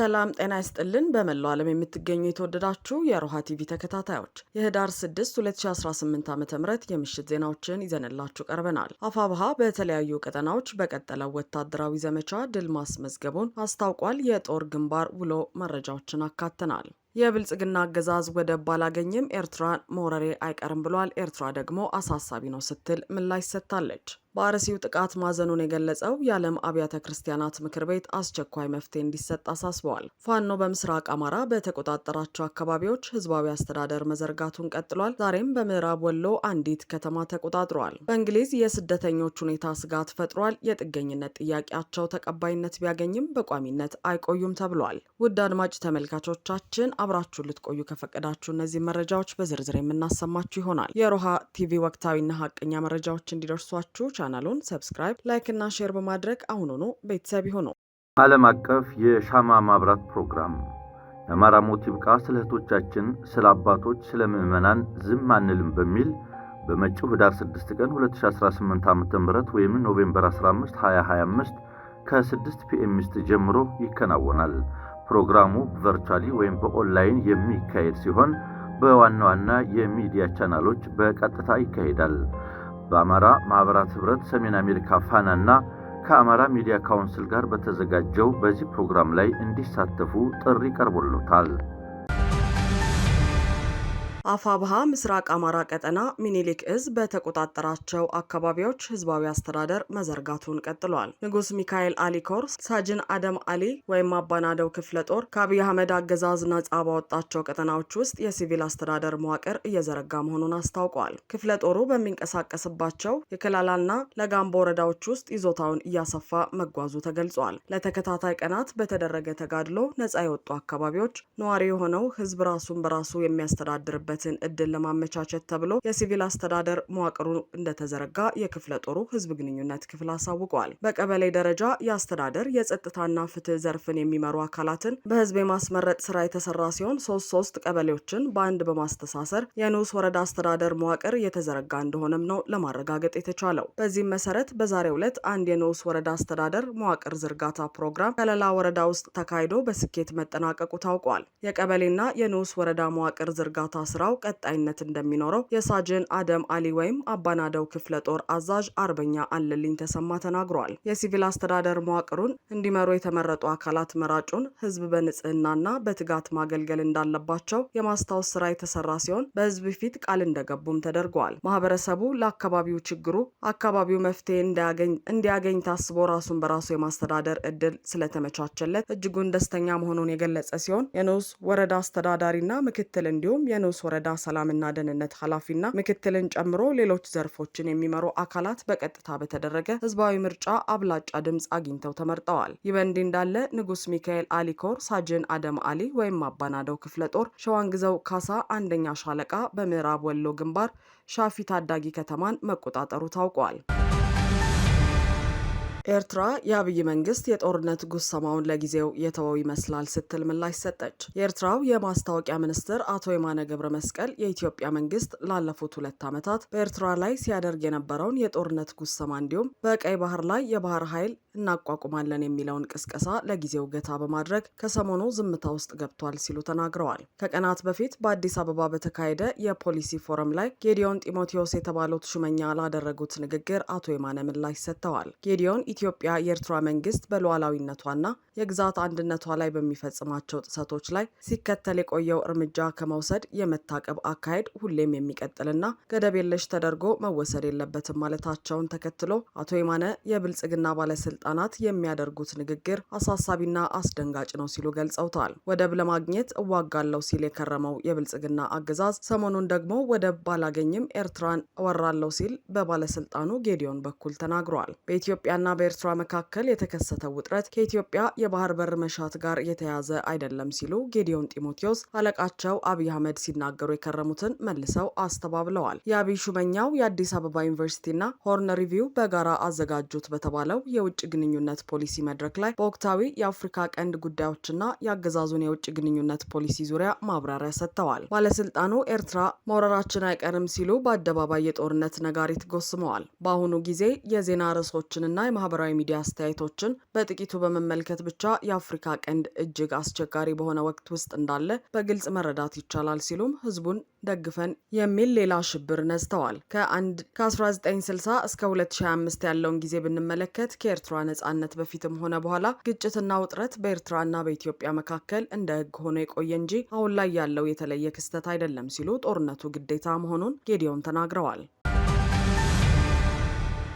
ሰላም ጤና ይስጥልን። በመላው ዓለም የምትገኙ የተወደዳችሁ የሮሃ ቲቪ ተከታታዮች የህዳር 6 2018 ዓ ም የምሽት ዜናዎችን ይዘንላችሁ ቀርበናል። አፋብሃ በተለያዩ ቀጠናዎች በቀጠለው ወታደራዊ ዘመቻ ድል ማስመዝገቡን አስታውቋል። የጦር ግንባር ውሎ መረጃዎችን አካተናል። የብልጽግና አገዛዝ ወደብ ባላገኝም ኤርትራን መውረሬ አይቀርም ብሏል። ኤርትራ ደግሞ አሳሳቢ ነው ስትል ምላሽ ሰጥታለች። በአርሲው ጥቃት ማዘኑን የገለጸው የዓለም አብያተ ክርስቲያናት ምክር ቤት አስቸኳይ መፍትሄ እንዲሰጥ አሳስበዋል። ፋኖ በምስራቅ አማራ በተቆጣጠራቸው አካባቢዎች ህዝባዊ አስተዳደር መዘርጋቱን ቀጥሏል። ዛሬም በምዕራብ ወሎ አንዲት ከተማ ተቆጣጥሯል። በእንግሊዝ የስደተኞች ሁኔታ ስጋት ፈጥሯል። የጥገኝነት ጥያቄያቸው ተቀባይነት ቢያገኝም በቋሚነት አይቆዩም ተብሏል። ውድ አድማጭ ተመልካቾቻችን አብራችሁ ልትቆዩ ከፈቀዳችሁ እነዚህ መረጃዎች በዝርዝር የምናሰማችሁ ይሆናል። የሮሃ ቲቪ ወቅታዊና ሀቀኛ መረጃዎች እንዲደርሷችሁ ቻናሉን ሰብስክራይብ፣ ላይክ እና ሼር በማድረግ አሁኑኑ ቤተሰብ ይሁኑ። ዓለም አቀፍ የሻማ ማብራት ፕሮግራም የአማራ ሞት ይብቃ፣ ስለ እህቶቻችን፣ ስለ አባቶች፣ ስለ ምዕመናን ዝም አንልም በሚል በመጪው ህዳር 6 ቀን 2018 ዓ ም ወይም ኖቬምበር 15 2025 ከ6 ፒኤምስት ጀምሮ ይከናወናል። ፕሮግራሙ ቨርቹዋሊ ወይም በኦንላይን የሚካሄድ ሲሆን በዋና ዋና የሚዲያ ቻናሎች በቀጥታ ይካሄዳል። በአማራ ማኅበራት ኅብረት ሰሜን አሜሪካ ፋና እና ከአማራ ሚዲያ ካውንስል ጋር በተዘጋጀው በዚህ ፕሮግራም ላይ እንዲሳተፉ ጥሪ ቀርቦለታል። አፋብሃ ምስራቅ አማራ ቀጠና ሚኒሊክ እዝ በተቆጣጠራቸው አካባቢዎች ህዝባዊ አስተዳደር መዘርጋቱን ቀጥሏል። ንጉስ ሚካኤል አሊ ኮር ሳጅን አደም አሊ ወይም አባናደው ክፍለ ጦር ከአብይ አህመድ አገዛዝ ነጻ ባወጣቸው ቀጠናዎች ውስጥ የሲቪል አስተዳደር መዋቅር እየዘረጋ መሆኑን አስታውቋል። ክፍለ ጦሩ በሚንቀሳቀስባቸው የከላላና ለጋምቦ ወረዳዎች ውስጥ ይዞታውን እያሰፋ መጓዙ ተገልጿል። ለተከታታይ ቀናት በተደረገ ተጋድሎ ነጻ የወጡ አካባቢዎች ነዋሪ የሆነው ህዝብ ራሱን በራሱ የሚያስተዳድርበት የሚሰሩበትን እድል ለማመቻቸት ተብሎ የሲቪል አስተዳደር መዋቅሩ እንደተዘረጋ የክፍለ ጦሩ ህዝብ ግንኙነት ክፍል አሳውቋል። በቀበሌ ደረጃ የአስተዳደር የጸጥታና ፍትህ ዘርፍን የሚመሩ አካላትን በህዝብ የማስመረጥ ስራ የተሰራ ሲሆን ሶስት ሶስት ቀበሌዎችን በአንድ በማስተሳሰር የንዑስ ወረዳ አስተዳደር መዋቅር የተዘረጋ እንደሆነም ነው ለማረጋገጥ የተቻለው። በዚህም መሰረት በዛሬው ዕለት አንድ የንዑስ ወረዳ አስተዳደር መዋቅር ዝርጋታ ፕሮግራም ከለላ ወረዳ ውስጥ ተካሂዶ በስኬት መጠናቀቁ ታውቋል። የቀበሌና የንዑስ ወረዳ መዋቅር ዝርጋታ ስራ ስራው ቀጣይነት እንደሚኖረው የሳጅን አደም አሊ ወይም አባናደው ክፍለ ጦር አዛዥ አርበኛ አለልኝ ተሰማ ተናግሯል። የሲቪል አስተዳደር መዋቅሩን እንዲመሩ የተመረጡ አካላት መራጩን ህዝብ በንጽህናና በትጋት ማገልገል እንዳለባቸው የማስታወስ ስራ የተሰራ ሲሆን በህዝብ ፊት ቃል እንደገቡም ተደርገዋል። ማህበረሰቡ ለአካባቢው ችግሩ አካባቢው መፍትሄ እንዲያገኝ ታስቦ ራሱን በራሱ የማስተዳደር እድል ስለተመቻቸለት እጅጉን ደስተኛ መሆኑን የገለጸ ሲሆን የንዑስ ወረዳ አስተዳዳሪና ምክትል እንዲሁም የንዑስ ወረዳ ሰላምና ደህንነት ኃላፊና ምክትልን ጨምሮ ሌሎች ዘርፎችን የሚመሩ አካላት በቀጥታ በተደረገ ህዝባዊ ምርጫ አብላጫ ድምፅ አግኝተው ተመርጠዋል። ይህ በእንዲህ እንዳለ ንጉስ ሚካኤል አሊኮር ሳጅን አደም አሊ ወይም አባናደው ክፍለ ጦር ሸዋንግዘው ካሳ አንደኛ ሻለቃ በምዕራብ ወሎ ግንባር ሻፊ ታዳጊ ከተማን መቆጣጠሩ ታውቋል። ኤርትራ የአብይ መንግስት የጦርነት ጉሰማውን ለጊዜው የተወው ይመስላል ስትል ምላሽ ሰጠች። የኤርትራው የማስታወቂያ ሚኒስትር አቶ የማነ ገብረ መስቀል የኢትዮጵያ መንግስት ላለፉት ሁለት ዓመታት በኤርትራ ላይ ሲያደርግ የነበረውን የጦርነት ጉሰማ እንዲሁም በቀይ ባህር ላይ የባህር ኃይል እናቋቁማለን የሚለውን ቅስቀሳ ለጊዜው ገታ በማድረግ ከሰሞኑ ዝምታ ውስጥ ገብቷል ሲሉ ተናግረዋል። ከቀናት በፊት በአዲስ አበባ በተካሄደ የፖሊሲ ፎረም ላይ ጌዲዮን ጢሞቴዎስ የተባሉት ሹመኛ ላደረጉት ንግግር አቶ የማነ ምላሽ ሰጥተዋል። ጌዲዮን ኢትዮጵያ የኤርትራ መንግስት በሉዓላዊነቷና የግዛት አንድነቷ ላይ በሚፈጽማቸው ጥሰቶች ላይ ሲከተል የቆየው እርምጃ ከመውሰድ የመታቀብ አካሄድ ሁሌም የሚቀጥልና ገደብ የለሽ ተደርጎ መወሰድ የለበትም ማለታቸውን ተከትሎ አቶ የማነ የብልጽግና ባለስልጣ ባለስልጣናት የሚያደርጉት ንግግር አሳሳቢና አስደንጋጭ ነው ሲሉ ገልጸውታል። ወደብ ለማግኘት እዋጋለው ሲል የከረመው የብልጽግና አገዛዝ ሰሞኑን ደግሞ ወደብ ባላገኝም ኤርትራን እወራለው ሲል በባለስልጣኑ ጌዲዮን በኩል ተናግሯል። በኢትዮጵያና በኤርትራ መካከል የተከሰተው ውጥረት ከኢትዮጵያ የባህር በር መሻት ጋር የተያያዘ አይደለም ሲሉ ጌዲዮን ጢሞቴዎስ አለቃቸው አብይ አህመድ ሲናገሩ የከረሙትን መልሰው አስተባብለዋል። የአብይ ሹመኛው የአዲስ አበባ ዩኒቨርሲቲና ሆርን ሪቪው በጋራ አዘጋጁት በተባለው የውጭ ግንኙነት ፖሊሲ መድረክ ላይ በወቅታዊ የአፍሪካ ቀንድ ጉዳዮችና የአገዛዙን የውጭ ግንኙነት ፖሊሲ ዙሪያ ማብራሪያ ሰጥተዋል። ባለስልጣኑ ኤርትራ መውረራችን አይቀርም ሲሉ በአደባባይ የጦርነት ነጋሪት ጎስመዋል። በአሁኑ ጊዜ የዜና ርዕሶችንና የማህበራዊ ሚዲያ አስተያየቶችን በጥቂቱ በመመልከት ብቻ የአፍሪካ ቀንድ እጅግ አስቸጋሪ በሆነ ወቅት ውስጥ እንዳለ በግልጽ መረዳት ይቻላል ሲሉም ህዝቡን ደግፈን የሚል ሌላ ሽብር ነዝተዋል። ከ1960 እስከ 2025 ያለውን ጊዜ ብንመለከት ከኤርትራ ነጻነት በፊትም ሆነ በኋላ ግጭትና ውጥረት በኤርትራና በኢትዮጵያ መካከል እንደ ሕግ ሆኖ የቆየ እንጂ አሁን ላይ ያለው የተለየ ክስተት አይደለም ሲሉ ጦርነቱ ግዴታ መሆኑን ጌዲዮን ተናግረዋል።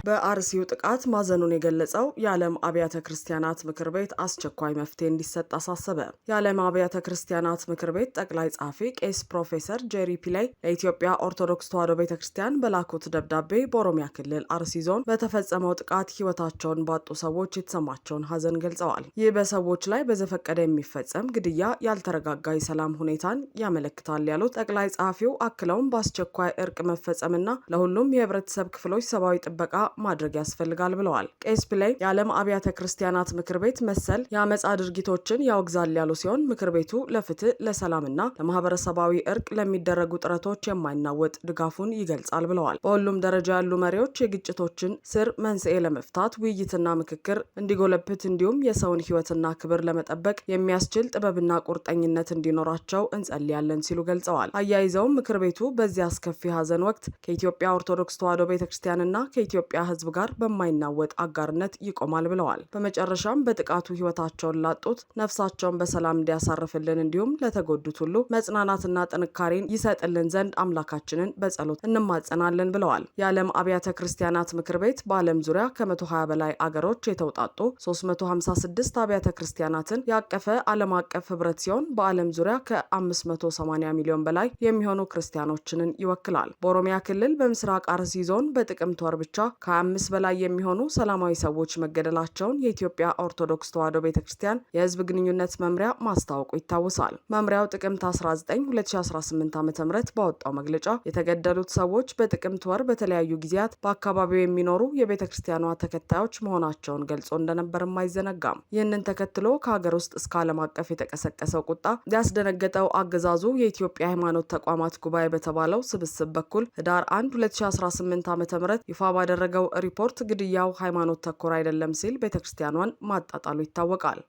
በአርሲው ጥቃት ማዘኑን የገለጸው የዓለም አብያተ ክርስቲያናት ምክር ቤት አስቸኳይ መፍትሄ እንዲሰጥ አሳሰበ። የዓለም አብያተ ክርስቲያናት ምክር ቤት ጠቅላይ ጸሐፊ ቄስ ፕሮፌሰር ጄሪ ፒላይ ለኢትዮጵያ ኦርቶዶክስ ተዋሕዶ ቤተ ክርስቲያን በላኩት ደብዳቤ በኦሮሚያ ክልል አርሲ ዞን በተፈጸመው ጥቃት ሕይወታቸውን ባጡ ሰዎች የተሰማቸውን ሐዘን ገልጸዋል። ይህ በሰዎች ላይ በዘፈቀደ የሚፈጸም ግድያ ያልተረጋጋ የሰላም ሁኔታን ያመለክታል ያሉት ጠቅላይ ጸሐፊው አክለውም በአስቸኳይ እርቅ መፈጸምና ለሁሉም የህብረተሰብ ክፍሎች ሰብአዊ ጥበቃ ማድረግ ያስፈልጋል ብለዋል። ቄስ ፕሌይ የዓለም አብያተ ክርስቲያናት ምክር ቤት መሰል የአመፃ ድርጊቶችን ያወግዛል ያሉ ሲሆን ምክር ቤቱ ለፍትህ ለሰላምና ለማህበረሰባዊ እርቅ ለሚደረጉ ጥረቶች የማይናወጥ ድጋፉን ይገልጻል ብለዋል። በሁሉም ደረጃ ያሉ መሪዎች የግጭቶችን ስር መንስኤ ለመፍታት ውይይትና ምክክር እንዲጎለብት እንዲሁም የሰውን ሕይወትና ክብር ለመጠበቅ የሚያስችል ጥበብና ቁርጠኝነት እንዲኖራቸው እንጸልያለን ሲሉ ገልጸዋል። አያይዘውም ምክር ቤቱ በዚህ አስከፊ ሀዘን ወቅት ከኢትዮጵያ ኦርቶዶክስ ተዋሕዶ ቤተክርስቲያንና ከኢትዮጵያ ህዝብ ጋር በማይናወጥ አጋርነት ይቆማል ብለዋል። በመጨረሻም በጥቃቱ ሕይወታቸውን ላጡት ነፍሳቸውን በሰላም እንዲያሳርፍልን እንዲሁም ለተጎዱት ሁሉ መጽናናትና ጥንካሬን ይሰጥልን ዘንድ አምላካችንን በጸሎት እንማጸናለን ብለዋል። የዓለም አብያተ ክርስቲያናት ምክር ቤት በዓለም ዙሪያ ከ120 በላይ አገሮች የተውጣጡ 356 አብያተ ክርስቲያናትን ያቀፈ ዓለም አቀፍ ህብረት ሲሆን በዓለም ዙሪያ ከ580 ሚሊዮን በላይ የሚሆኑ ክርስቲያኖችንን ይወክላል። በኦሮሚያ ክልል በምስራቅ አርሲ ዞን በጥቅምት ወር ብቻ ከ ከ25 በላይ የሚሆኑ ሰላማዊ ሰዎች መገደላቸውን የኢትዮጵያ ኦርቶዶክስ ተዋሕዶ ቤተ ክርስቲያን የህዝብ ግንኙነት መምሪያ ማስታወቁ ይታወሳል። መምሪያው ጥቅምት 19 2018 ዓ ም ባወጣው መግለጫ የተገደሉት ሰዎች በጥቅምት ወር በተለያዩ ጊዜያት በአካባቢው የሚኖሩ የቤተ ክርስቲያኗ ተከታዮች መሆናቸውን ገልጾ እንደነበርም አይዘነጋም። ይህንን ተከትሎ ከሀገር ውስጥ እስከ ዓለም አቀፍ የተቀሰቀሰው ቁጣ ያስደነገጠው አገዛዙ የኢትዮጵያ ሃይማኖት ተቋማት ጉባኤ በተባለው ስብስብ በኩል ህዳር 1 2018 ዓ ም ይፋ ባደረገው ያወጣው ሪፖርት ግድያው ሃይማኖት ተኮር አይደለም ሲል ቤተ ክርስቲያኗን ማጣጣሉ ይታወቃል።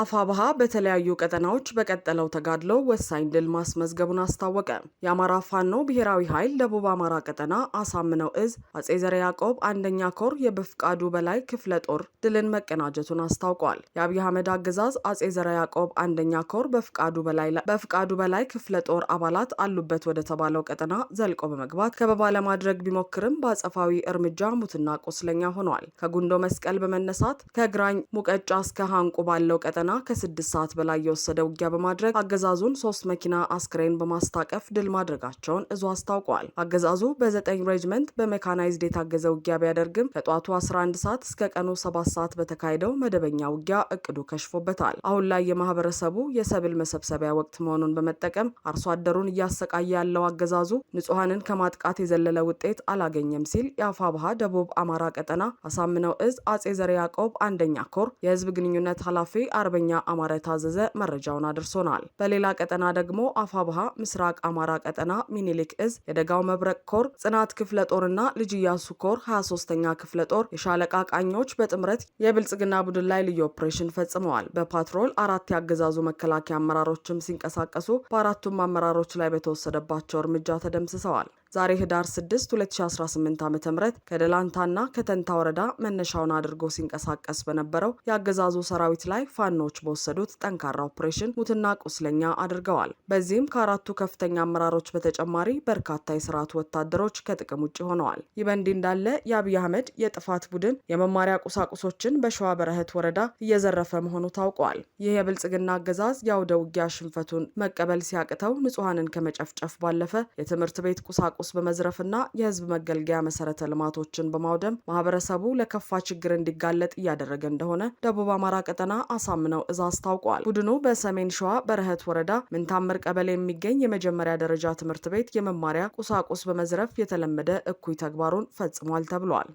አፋብሃ በተለያዩ ቀጠናዎች በቀጠለው ተጋድሎ ወሳኝ ድል ማስመዝገቡን አስታወቀ። የአማራ ፋኖ ብሔራዊ ኃይል ደቡብ አማራ ቀጠና አሳምነው እዝ አጼ ዘረ ያዕቆብ አንደኛ ኮር የበፍቃዱ በላይ ክፍለ ጦር ድልን መቀናጀቱን አስታውቋል። የአብይ አህመድ አገዛዝ አጼ ዘረ ያዕቆብ አንደኛ ኮር በፍቃዱ በላይ ክፍለ ጦር አባላት አሉበት ወደ ተባለው ቀጠና ዘልቆ በመግባት ከበባ ለማድረግ ቢሞክርም በአጸፋዊ እርምጃ ሙትና ቁስለኛ ሆኗል። ከጉንዶ መስቀል በመነሳት ከግራኝ ሙቀጫ እስከ ሀንቁ ባለው ቀጠና ቀጠና ከስድስት ሰዓት በላይ የወሰደ ውጊያ በማድረግ አገዛዙን ሶስት መኪና አስክሬን በማስታቀፍ ድል ማድረጋቸውን እዙ አስታውቋል። አገዛዙ በዘጠኝ ሬጅመንት በሜካናይዝድ የታገዘ ውጊያ ቢያደርግም ከጠዋቱ 11 ሰዓት እስከ ቀኑ 7 ሰዓት በተካሄደው መደበኛ ውጊያ እቅዱ ከሽፎበታል። አሁን ላይ የማህበረሰቡ የሰብል መሰብሰቢያ ወቅት መሆኑን በመጠቀም አርሶ አደሩን እያሰቃየ ያለው አገዛዙ ንጹሐንን ከማጥቃት የዘለለ ውጤት አላገኘም ሲል የአፋ ባሃ ደቡብ አማራ ቀጠና አሳምነው እዝ አጼ ዘረ ያዕቆብ አንደኛ ኮር የህዝብ ግንኙነት ኃላፊ አርበኛ አማረ ታዘዘ መረጃውን አድርሶናል። በሌላ ቀጠና ደግሞ አፋብሃ ምስራቅ አማራ ቀጠና ሚኒሊክ እዝ የደጋው መብረቅ ኮር ጽናት ክፍለ ጦርና ልጅ እያሱ ኮር 23ኛ ክፍለ ጦር የሻለቃ ቃኞች በጥምረት የብልጽግና ቡድን ላይ ልዩ ኦፕሬሽን ፈጽመዋል። በፓትሮል አራት ያገዛዙ መከላከያ አመራሮችም ሲንቀሳቀሱ በአራቱም አመራሮች ላይ በተወሰደባቸው እርምጃ ተደምስሰዋል። ዛሬ ህዳር 6 2018 ዓ ም ከደላንታና ከተንታ ወረዳ መነሻውን አድርጎ ሲንቀሳቀስ በነበረው የአገዛዙ ሰራዊት ላይ ፋኖ ፋኖዎች በወሰዱት ጠንካራ ኦፕሬሽን ሙትና ቁስለኛ አድርገዋል። በዚህም ከአራቱ ከፍተኛ አመራሮች በተጨማሪ በርካታ የስርዓቱ ወታደሮች ከጥቅም ውጭ ሆነዋል። ይህ በእንዲህ እንዳለ የአብይ አህመድ የጥፋት ቡድን የመማሪያ ቁሳቁሶችን በሸዋ በረህት ወረዳ እየዘረፈ መሆኑ ታውቋል። ይህ የብልጽግና አገዛዝ የአውደ ውጊያ ሽንፈቱን መቀበል ሲያቅተው ንጹሐንን ከመጨፍጨፍ ባለፈ የትምህርት ቤት ቁሳቁስ በመዝረፍና የህዝብ መገልገያ መሰረተ ልማቶችን በማውደም ማህበረሰቡ ለከፋ ችግር እንዲጋለጥ እያደረገ እንደሆነ ደቡብ አማራ ቀጠና አሳምነ ነው እዝ አስታውቋል። ቡድኑ በሰሜን ሸዋ በረህት ወረዳ ምንታምር ቀበሌ የሚገኝ የመጀመሪያ ደረጃ ትምህርት ቤት የመማሪያ ቁሳቁስ በመዝረፍ የተለመደ እኩይ ተግባሩን ፈጽሟል ተብሏል።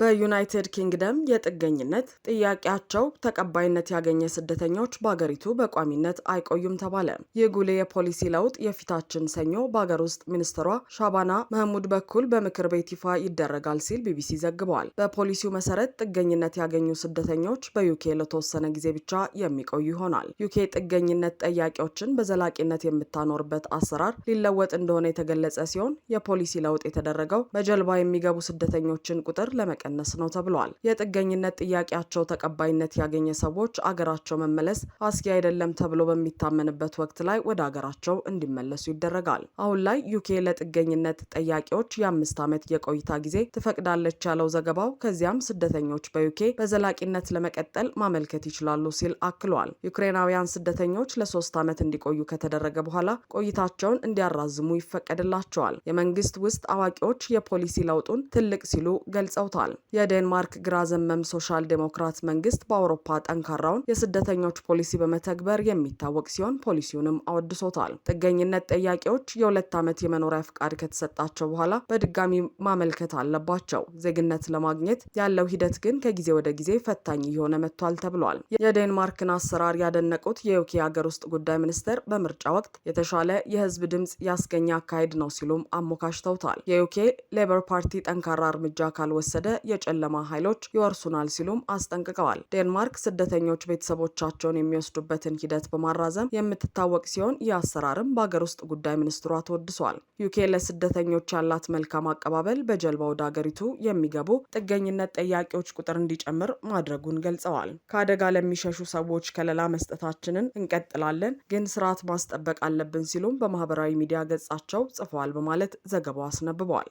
በዩናይትድ ኪንግደም የጥገኝነት ጥያቄያቸው ተቀባይነት ያገኘ ስደተኞች በአገሪቱ በቋሚነት አይቆዩም ተባለ። የጉሌ ጉሌ የፖሊሲ ለውጥ የፊታችን ሰኞ በአገር ውስጥ ሚኒስትሯ ሻባና መህሙድ በኩል በምክር ቤት ይፋ ይደረጋል ሲል ቢቢሲ ዘግበዋል። በፖሊሲው መሰረት ጥገኝነት ያገኙ ስደተኞች በዩኬ ለተወሰነ ጊዜ ብቻ የሚቆዩ ይሆናል። ዩኬ ጥገኝነት ጠያቂዎችን በዘላቂነት የምታኖርበት አሰራር ሊለወጥ እንደሆነ የተገለጸ ሲሆን የፖሊሲ ለውጥ የተደረገው በጀልባ የሚገቡ ስደተኞችን ቁጥር ለመቀ መቀነስ ነው ተብሏል። የጥገኝነት ጥያቄያቸው ተቀባይነት ያገኘ ሰዎች አገራቸው መመለስ አስጊ አይደለም ተብሎ በሚታመንበት ወቅት ላይ ወደ አገራቸው እንዲመለሱ ይደረጋል። አሁን ላይ ዩኬ ለጥገኝነት ጠያቂዎች የአምስት ዓመት የቆይታ ጊዜ ትፈቅዳለች ያለው ዘገባው፣ ከዚያም ስደተኞች በዩኬ በዘላቂነት ለመቀጠል ማመልከት ይችላሉ ሲል አክሏል። ዩክሬናውያን ስደተኞች ለሶስት ዓመት እንዲቆዩ ከተደረገ በኋላ ቆይታቸውን እንዲያራዝሙ ይፈቀድላቸዋል። የመንግስት ውስጥ አዋቂዎች የፖሊሲ ለውጡን ትልቅ ሲሉ ገልጸውታል። የዴንማርክ ግራ ዘመም ሶሻል ዴሞክራት መንግስት በአውሮፓ ጠንካራውን የስደተኞች ፖሊሲ በመተግበር የሚታወቅ ሲሆን ፖሊሲውንም አወድሶታል። ጥገኝነት ጠያቂዎች የሁለት ዓመት የመኖሪያ ፍቃድ ከተሰጣቸው በኋላ በድጋሚ ማመልከት አለባቸው። ዜግነት ለማግኘት ያለው ሂደት ግን ከጊዜ ወደ ጊዜ ፈታኝ እየሆነ መጥቷል ተብሏል። የዴንማርክን አሰራር ያደነቁት የዩኬ ሀገር ውስጥ ጉዳይ ሚኒስትር በምርጫ ወቅት የተሻለ የህዝብ ድምፅ ያስገኘ አካሄድ ነው ሲሉም አሞካሽተውታል። የዩኬ ሌበር ፓርቲ ጠንካራ እርምጃ ካልወሰደ የጨለማ ኃይሎች ይወርሱናል ሲሉም አስጠንቅቀዋል። ዴንማርክ ስደተኞች ቤተሰቦቻቸውን የሚወስዱበትን ሂደት በማራዘም የምትታወቅ ሲሆን ይህ አሰራርም በአገር ውስጥ ጉዳይ ሚኒስትሯ ተወድሷል። ዩኬ ለስደተኞች ያላት መልካም አቀባበል በጀልባ ወደ አገሪቱ የሚገቡ ጥገኝነት ጠያቂዎች ቁጥር እንዲጨምር ማድረጉን ገልጸዋል። ከአደጋ ለሚሸሹ ሰዎች ከለላ መስጠታችንን እንቀጥላለን፣ ግን ስርዓት ማስጠበቅ አለብን ሲሉም በማህበራዊ ሚዲያ ገጻቸው ጽፈዋል በማለት ዘገባው አስነብበዋል።